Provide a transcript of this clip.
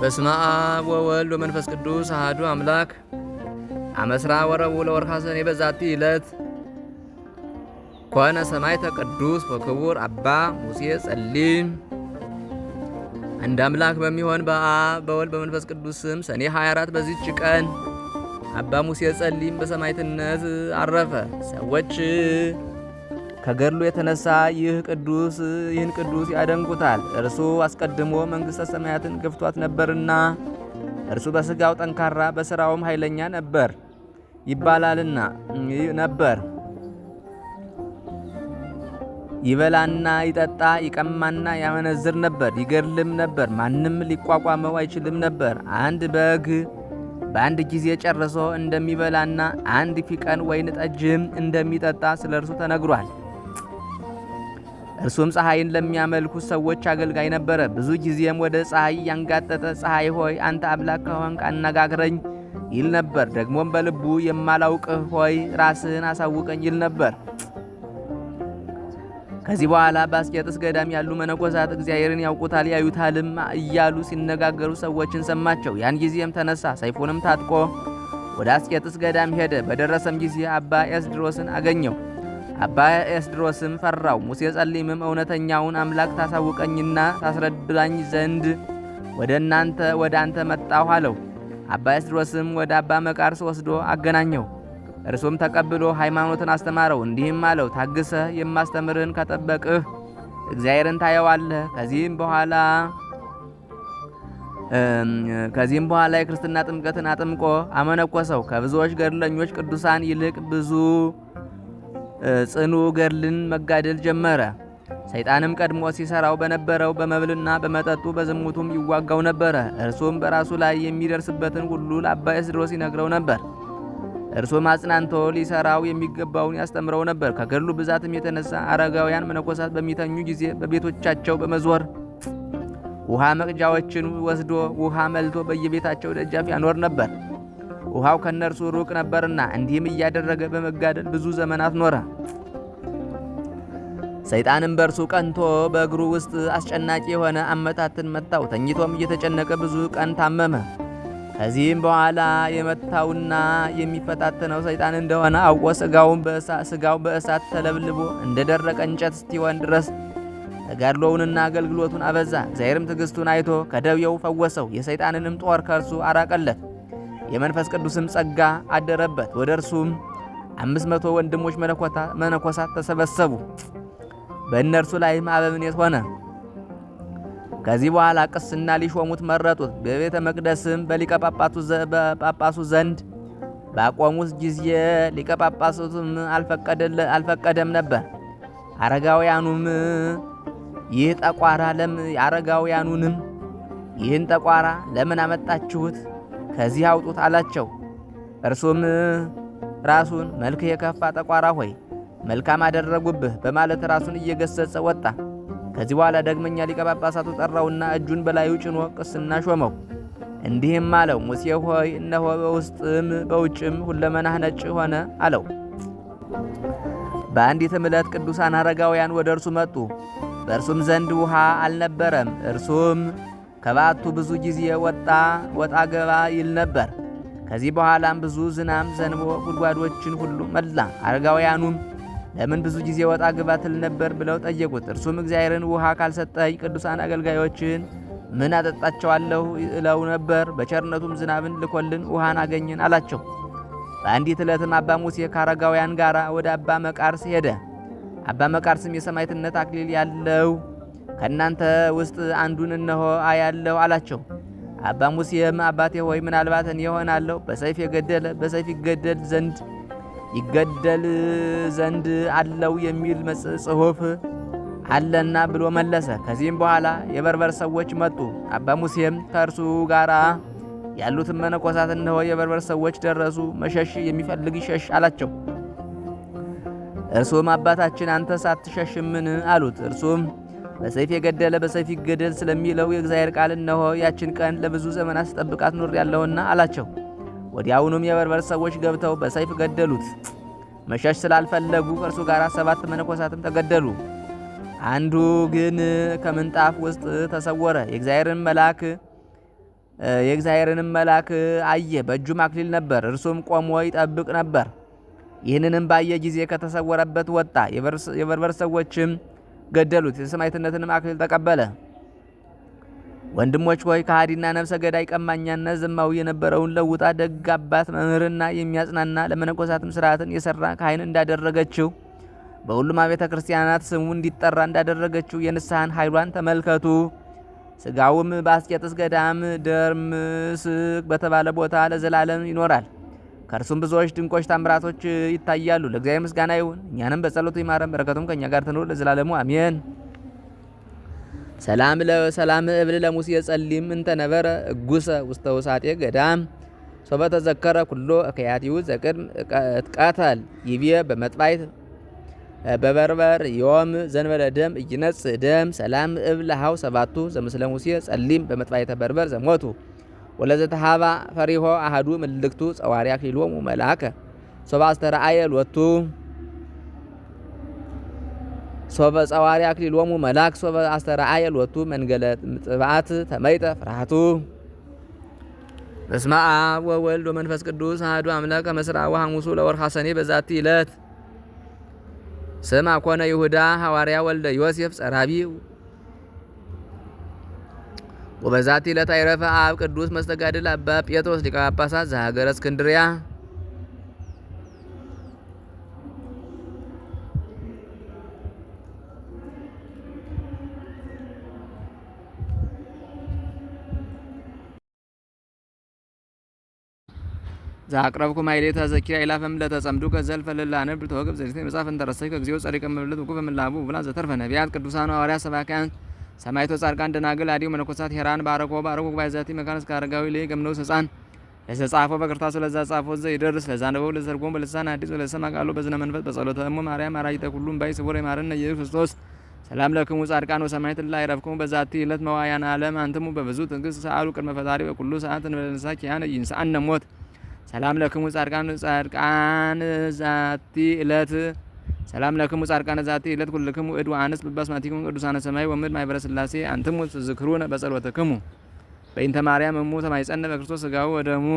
በስመ አብ ወወልድ ወመንፈስ ቅዱስ አሐዱ አምላክ አመስራ ወረቡ ለወርኃ ሰኔ በዛቲ ዕለት ኮነ ሰማዕተ ቅዱስ በክቡር አባ ሙሴ ጸሊም። አንድ አምላክ በሚሆን በአብ በወልድ በመንፈስ ቅዱስ ስም ሰኔ 24 በዚች ቀን አባ ሙሴ ጸሊም በሰማዕትነት አረፈ። ሰዎች ከገድሉ የተነሳ ይህ ቅዱስ ይህን ቅዱስ ያደንቁታል። እርሱ አስቀድሞ መንግሥተ ሰማያትን ገፍቷት ነበርና እርሱ በሥጋው ጠንካራ በሥራውም ኃይለኛ ነበር ይባላልና ነበር። ይበላና ይጠጣ ይቀማና ያመነዝር ነበር፣ ይገድልም ነበር። ማንም ሊቋቋመው አይችልም ነበር። አንድ በግ በአንድ ጊዜ ጨርሶ እንደሚበላና አንድ ፊቀን ወይን ጠጅም እንደሚጠጣ ስለ እርሱ ተነግሯል። እርሱም ፀሐይን ለሚያመልኩ ሰዎች አገልጋይ ነበረ። ብዙ ጊዜም ወደ ፀሐይ ያንጋጠጠ ፀሐይ ሆይ አንተ አምላክ ከሆንክ አነጋግረኝ ይል ነበር። ደግሞም በልቡ የማላውቅህ ሆይ ራስህን አሳውቀኝ ይል ነበር። ከዚህ በኋላ በአስቄጥስ ገዳም ያሉ መነኮሳት እግዚአብሔርን ያውቁታል ያዩታልም እያሉ ሲነጋገሩ ሰዎችን ሰማቸው። ያን ጊዜም ተነሳ፣ ሰይፉንም ታጥቆ ወደ አስቄጥስ ገዳም ሄደ። በደረሰም ጊዜ አባ ኤስድሮስን አገኘው። አባ ኤስድሮስም ፈራው። ሙሴ ጸሊምም እውነተኛውን አምላክ ታሳውቀኝና ታስረዳኝ ዘንድ ወደ እናንተ ወደ አንተ መጣሁ አለው። አባ ኤስድሮስም ወደ አባ መቃርስ ወስዶ አገናኘው። እርሱም ተቀብሎ ሃይማኖትን አስተማረው። እንዲህም አለው፣ ታግሰ የማስተምርህን ከጠበቅህ እግዚአብሔርን ታየዋለህ። ከዚህም በኋላ ከዚህም በኋላ የክርስትና ጥምቀትን አጥምቆ አመነኮሰው። ከብዙዎች ገድለኞች ቅዱሳን ይልቅ ብዙ ጽኑ ገድልን መጋደል ጀመረ። ሰይጣንም ቀድሞ ሲሰራው በነበረው በመብልና በመጠጡ በዝሙቱም ይዋጋው ነበረ። እርሱም በራሱ ላይ የሚደርስበትን ሁሉ ለአባ ኤስድሮስ ይነግረው ነበር። እርሱም አጽናንቶ ሊሰራው የሚገባውን ያስተምረው ነበር። ከገድሉ ብዛትም የተነሳ አረጋውያን መነኮሳት በሚተኙ ጊዜ በቤቶቻቸው በመዞር ውሃ መቅጃዎችን ወስዶ ውሃ መልቶ በየቤታቸው ደጃፍ ያኖር ነበር። ውሃው ከእነርሱ ሩቅ ነበርና እንዲህም እያደረገ በመጋደል ብዙ ዘመናት ኖረ። ሰይጣንም በእርሱ ቀንቶ በእግሩ ውስጥ አስጨናቂ የሆነ አመታትን መታው። ተኝቶም እየተጨነቀ ብዙ ቀን ታመመ። ከዚህም በኋላ የመታውና የሚፈታተነው ሰይጣን እንደሆነ አውቆ ስጋው በእሳት ተለብልቦ እንደ ደረቀ እንጨት እስቲሆን ድረስ ተጋድሎውንና አገልግሎቱን አበዛ። እግዚአብሔርም ትዕግስቱን አይቶ ከደዌው ፈወሰው፣ የሰይጣንንም ጦር ከእርሱ አራቀለት። የመንፈስ ቅዱስም ጸጋ አደረበት። ወደ እርሱም አምስት መቶ ወንድሞች መነኮሳት ተሰበሰቡ። በእነርሱ ላይም አበምኔት ሆነ። ከዚህ በኋላ ቅስና ሊሾሙት መረጡት። በቤተ መቅደስም በሊቀ ጳጳሱ ዘንድ ባቆሙት ጊዜ ሊቀ ጳጳሱም አልፈቀደም ነበር። አረጋውያኑም ይህ ጠቋራ ለምን አረጋውያኑንም ይህን ጠቋራ ለምን አመጣችሁት? ከዚህ አውጡት አላቸው። እርሱም ራሱን መልክ የከፋ ጠቋራ ሆይ መልካም አደረጉብህ በማለት ራሱን እየገሰጸ ወጣ። ከዚህ በኋላ ዳግመኛ ሊቀ ጳጳሳቱ ጠራውና እጁን በላዩ ጭኖ ቅስና ሾመው። እንዲህም አለው፣ ሙሴ ሆይ እነሆ በውስጥም በውጭም ሁለመናህ ነጭ ሆነ አለው። በአንዲትም ዕለት ቅዱሳን አረጋውያን ወደ እርሱ መጡ። በእርሱም ዘንድ ውሃ አልነበረም። እርሱም ከባቱ ብዙ ጊዜ ወጣ ወጣ ገባ ይል ነበር። ከዚህ በኋላም ብዙ ዝናም ዘንቦ ጉድጓዶችን ሁሉ መላ። አረጋውያኑም ለምን ብዙ ጊዜ ወጣ ገባ ትል ነበር ብለው ጠየቁት። እርሱም እግዚአብሔርን ውሃ ካልሰጠኝ ቅዱሳን አገልጋዮችን ምን አጠጣቸዋለሁ ይለው ነበር። በቸርነቱም ዝናብን ልኮልን ውሃን አገኘን አላቸው። በአንዲት ዕለትም አባ ሙሴ ከአረጋውያን ጋር ወደ አባ መቃርስ ሄደ። አባ መቃርስም የሰማዕትነት አክሊል ያለው ከእናንተ ውስጥ አንዱን እነሆ አያለው አላቸው። አባ ሙሴም አባቴ ሆይ ምናልባት እኔ እሆናለሁ በሰይፍ የገደለ በሰይፍ ይገደል ዘንድ ይገደል ዘንድ አለው የሚል ጽሑፍ አለና ብሎ መለሰ። ከዚህም በኋላ የበርበር ሰዎች መጡ። አባ ሙሴም ከእርሱ ጋራ ያሉትን መነኮሳት እነሆ የበርበር ሰዎች ደረሱ፣ መሸሽ የሚፈልግ ይሸሽ አላቸው። እርሱም አባታችን አንተ ሳትሸሽምን? አሉት። እርሱም በሰይፍ የገደለ በሰይፍ ይገደል ስለሚለው የእግዚአብሔር ቃል እነሆ ያችን ቀን ለብዙ ዘመናት ስጠብቃት ኖር ያለውና አላቸው። ወዲያውኑም የበርበር ሰዎች ገብተው በሰይፍ ገደሉት። መሸሽ ስላልፈለጉ ከእርሱ ጋር ሰባት መነኮሳትም ተገደሉ። አንዱ ግን ከምንጣፍ ውስጥ ተሰወረ። የእግዚአብሔርን መልአክ የእግዚአብሔርንም መልአክ አየ። በእጁም አክሊል ነበር፣ እርሱም ቆሞ ይጠብቅ ነበር። ይህንንም ባየ ጊዜ ከተሰወረበት ወጣ። የበርበር ሰዎችም ገደሉት። የሰማዕትነትንም አክሊል ተቀበለ። ወንድሞች ሆይ ከሃዲና ነፍሰ ገዳይ ቀማኛና ዘማዊ የነበረውን ለውጣ ደግ አባት መምህርና የሚያጽናና ለመነኮሳትም ስርዓትን የሰራ ካህን እንዳደረገችው በሁሉም አብያተ ክርስቲያናት ስሙ እንዲጠራ እንዳደረገችው የንስሐን ኃይሏን ተመልከቱ። ስጋውም በአስቄጥስ ገዳም ደርምስ በተባለ ቦታ ለዘላለም ይኖራል። ከእርሱም ብዙዎች ድንቆች ታምራቶች ይታያሉ። ለእግዚአብሔር ምስጋና ይሁን፣ እኛንም በጸሎቱ ይማረን፣ በረከቱም ከእኛ ጋር ትኑር ለዘላለሙ አሜን። ሰላም ለሰላም እብል ለሙሴ ጸሊም እንተነበረ እጉሰ ውስተ ውሳጤ ገዳም ሶበ ተዘከረ ኩሎ ከያቲው ዘቅድም እትቃተል ይቤ በመጥባይት በበርበር ዮም ዘንበለ ደም እይነጽ ደም ሰላም እብል ለሃው ሰባቱ ዘምስለ ሙሴ ጸሊም በመጥባይተ በርበር ዘሞቱ ወለዘተሃባ ፈሪሆ አህዱ ምልክቱ ጸዋሪ አክሊሎሙ መላከ ሶባ አስተረአየ ሎቱ ሶበ ጸዋሪ አክሊሎሙ መላክ ሶበ አስተረአየ ሎቱ መንገለ ምጥባት ተመይጠ ፍርሃቱ በስመ አብ ወወልድ ወመንፈስ ቅዱስ አህዱ አምላክ መስራ ወሐሙሱ ለወርኃ ሰኔ በዛቲ ዕለት ስማ ኮነ ይሁዳ ሐዋርያ ወልደ ዮሴፍ ጸራቢ ወበዛቲ ዕለት አይረፈ አብ ቅዱስ መስተጋድል አባ ጴጥሮስ ሊቀ ጳጳሳት ዘሀገረ እስክንድሪያ። ዛቅረብኩ ማይሌታ ዘኪራ ኢላፈም ለተጸምዱ ከዘልፈ ለላነብ ተወግብ ዘሪት መጻፍ ተረሰይ ከግዚኦ ጸሪቀ መብለት ወቁ በመላቡ ብላ ዘተርፈ ነቢያት ቅዱሳን ሐዋርያ ሰባካያን ሰማይቶ ጻድቃን ደናግል አዲው መነኮሳት ሄራን ባረኮ ባረኮ ጉባኤ ዛቲ መካነ እስከ አረጋዊ ላይ ገምነው ሰጻን ለተጻፈ በክርታስ ለዛ ጻፎ ዘ ይደርስ ለዛ ነበው ለዘርጎም በልሳን አዲስ ለሰማ ቃሉ በዝነ መንፈስ በጸሎተ እሙ ማርያም አራጅተ ሁሉም ባይ ስቡር የማረነ ኢየሱስ ክርስቶስ ሰላም ለክሙ ጻድቃን ወሰማይት ላይ ረፍኩም በዛቲ ዕለት መዋያን ዓለም አንትሙ በብዙ ትንግስ ሰአሉ ቅድመ ፈጣሪ በኩሉ ሰዓት እንበለንሳ ኪያነ ይንሳአነ ሞት ሰላም ለክሙ ጻድቃን ጻድቃን ዛቲ ዕለት ሰላም ለክሙ ጻድቃነ ዛቲ ዕለት ኩልክሙ እድ ወአንስት በስማቲክሙ ቅዱሳነ ሰማይ ወምድ ማኅበረ ሥላሴ አንትሙ ትዝክሩነ በጸሎትክሙ በእንተ ማርያም እሙ ተማይጸነ በክርስቶስ ሥጋው ወደሙ